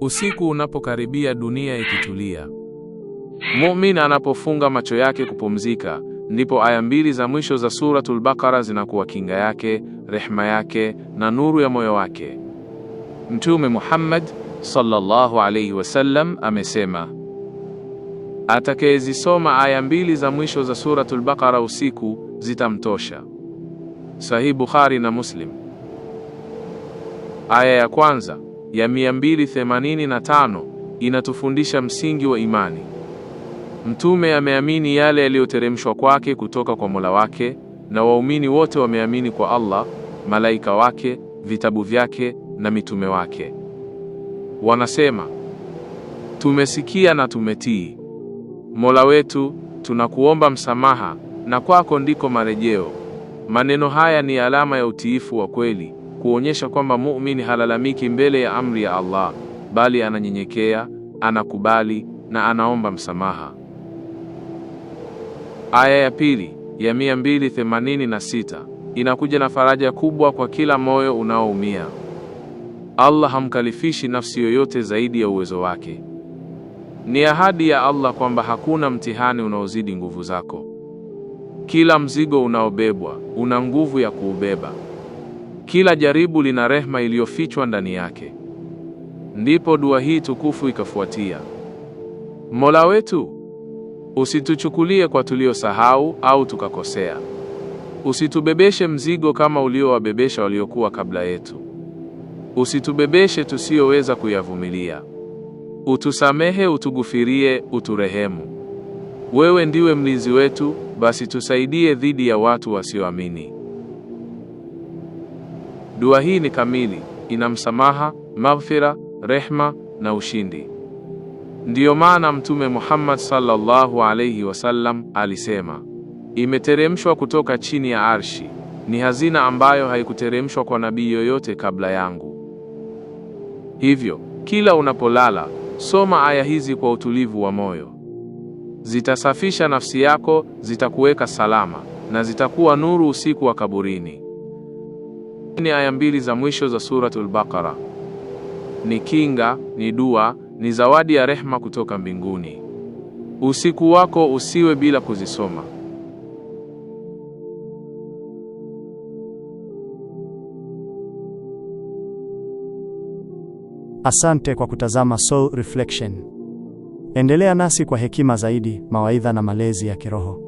Usiku unapokaribia, dunia ikitulia, muumini anapofunga macho yake kupumzika, ndipo aya mbili za mwisho za Suratul Baqara zinakuwa kinga yake, rehma yake na nuru ya moyo wake. Mtume Muhammad sallallahu alayhi wasallam amesema, atakayezisoma aya mbili za mwisho za Suratul Baqara usiku zitamtosha. Sahih Bukhari na Muslim. Aya ya kwanza ya 285 inatufundisha msingi wa imani. Mtume ameamini yale yaliyoteremshwa kwake kutoka kwa Mola wake, na waumini wote wameamini kwa Allah, malaika wake, vitabu vyake na mitume wake. Wanasema, tumesikia na tumetii. Mola wetu, tunakuomba msamaha na kwako ndiko marejeo. Maneno haya ni alama ya utiifu wa kweli kuonyesha kwamba muumini halalamiki mbele ya amri ya Allah, bali ananyenyekea, anakubali na anaomba msamaha. Aya ya pili ya 286 inakuja na faraja kubwa kwa kila moyo unaoumia. Allah hamkalifishi nafsi yoyote zaidi ya uwezo wake. Ni ahadi ya Allah kwamba hakuna mtihani unaozidi nguvu zako. Kila mzigo unaobebwa una nguvu ya kuubeba. Kila jaribu lina rehema iliyofichwa ndani yake. Ndipo dua hii tukufu ikafuatia: Mola wetu, usituchukulie kwa tuliosahau au tukakosea, usitubebeshe mzigo kama uliowabebesha waliokuwa kabla yetu, usitubebeshe tusiyoweza kuyavumilia, utusamehe, utugufirie uturehemu. Wewe ndiwe mlinzi wetu, basi tusaidie dhidi ya watu wasioamini. Dua hii ni kamili, ina msamaha, maghfira, rehma na ushindi. Ndiyo maana Mtume Muhammad sallallahu alayhi wasallam alisema, imeteremshwa kutoka chini ya arshi, ni hazina ambayo haikuteremshwa kwa nabii yoyote kabla yangu. Hivyo kila unapolala soma aya hizi kwa utulivu wa moyo. Zitasafisha nafsi yako, zitakuweka salama na zitakuwa nuru usiku wa kaburini. Ni aya mbili za mwisho za Suratul Baqara. Ni kinga, ni dua, ni zawadi ya rehma kutoka mbinguni. Usiku wako usiwe bila kuzisoma. Asante kwa kutazama Soul Reflection. Endelea nasi kwa hekima zaidi, mawaidha na malezi ya kiroho.